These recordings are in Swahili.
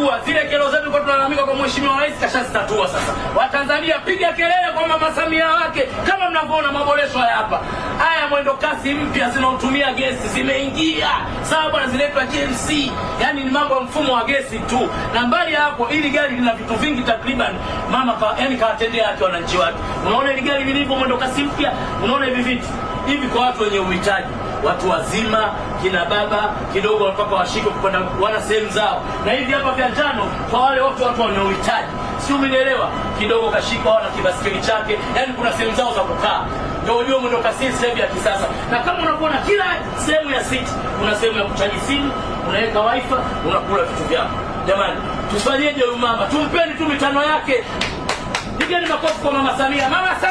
kuwa zile kero zetu kwa tunalalamika kwa mheshimiwa rais kashazitatua. Sasa Watanzania, piga kelele kwa mama Samia wake, kama mnavyoona maboresho haya hapa. Haya mwendo kasi mpya zinaotumia gesi zimeingia, sababu anaziletwa GMC, yani ni mambo ya mfumo wa gesi tu. Na mbali hapo, ili gari lina vitu vingi takriban mama ka, yani kawatendea haki wananchi wake. Unaona ili gari lilivyo, mwendo kasi mpya, unaona hivi vitu hivi kwa watu wenye uhitaji watu wazima, kina baba kidogo mpaka washike kupanda wana sehemu zao, na hivi hapa vya njano kwa wale watu watu wanaohitaji, si umeelewa Kidogo kashika wana kibasikeli chake, yani kuna sehemu zao za kukaa ndio mwendo kasi sehemu ya kisasa. Na kama unakuona kila sehemu ya city kuna sehemu ya kuchaji simu, unaweka wifi, unakula vitu vyako. Jamani, tufanyeje huyu mama? Tumpeni tu mitano yake, Nigeni makofi kwa mama Samia. Mama Samia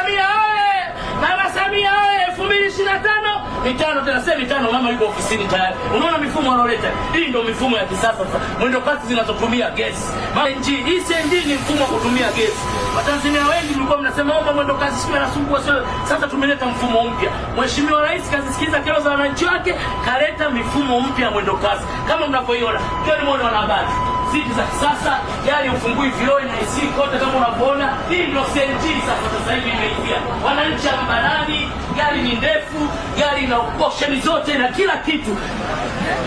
mitano tena sasa mitano, mama yuko ofisini tayari. Unaona mifumo wanaoleta hii, ndio mifumo ya kisasa sasa, mwendo kasi zinazotumia gesi. ECND ni mfumo wa kutumia gesi. Watanzania wengi mlikuwa mnasema kwamba mwendo kasi sio nasumbua, sio. Sasa tumeleta mfumo mpya. Mheshimiwa Rais kazisikiza kero za wananchi wake, kaleta mifumo mpya ya mwendo kasi kama mnavyoiona. Twende muone wanahabari ziti za kisasa, gari ufungui vioo na AC kote kama unavyoona. Hii ndio CNG sasa, sasa hivi imeingia wananchi barani gari ni ndefu, gari ina option zote na kila kitu.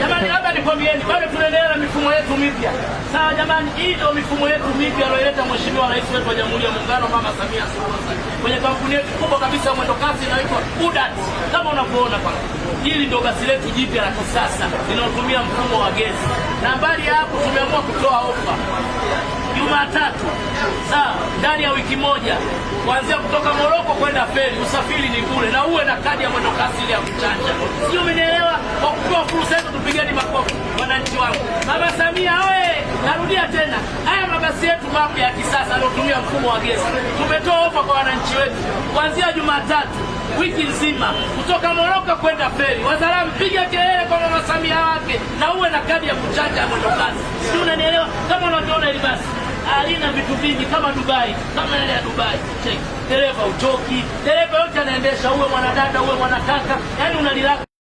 Jamani, labda nikwambieni, bado tunaendelea na mifumo yetu mipya. Sasa jamani, hii ndio mifumo yetu mipya aliyoleta Mheshimiwa Rais wetu wa Jamhuri ya Muungano Mama Samia Suluhu Hassan kwenye kampuni yetu kubwa kabisa ya mwendokasi inaitwa UDAT kama unavyoona pale. Hili ndio basi letu jipya la kisasa linalotumia mfumo wa gesi, na mbali ya hapo tumeamua kutoa ofa Jumatatu sawa, ndani ya wiki moja kuanzia kutoka Moroko kwenda Feri, usafiri ni bule na uwe na kadi ya mwendokasi ile ya kuchanja, sio, umenielewa? kwa kupewa fursa wananchi wangu. Mama Samia oye! Narudia tena, haya mabasi yetu mapya ya kisasa yanayotumia mfumo wa gesi, tumetoa ofa kwa wananchi wetu kuanzia Jumatatu wiki nzima kutoka Moroka kwenda feri. Wazalamu, piga kelele kwa mama Samia wake na uwe na kadi ya kuchanja ya kasi, sijui unanielewa? Kama unavyoona hili basi alina vitu vingi kama Dubai, kama ile ya Dubai. Cheki dereva utoki dereva yote anaendesha, uwe mwanadada uwe mwanakaka, yani unalilaka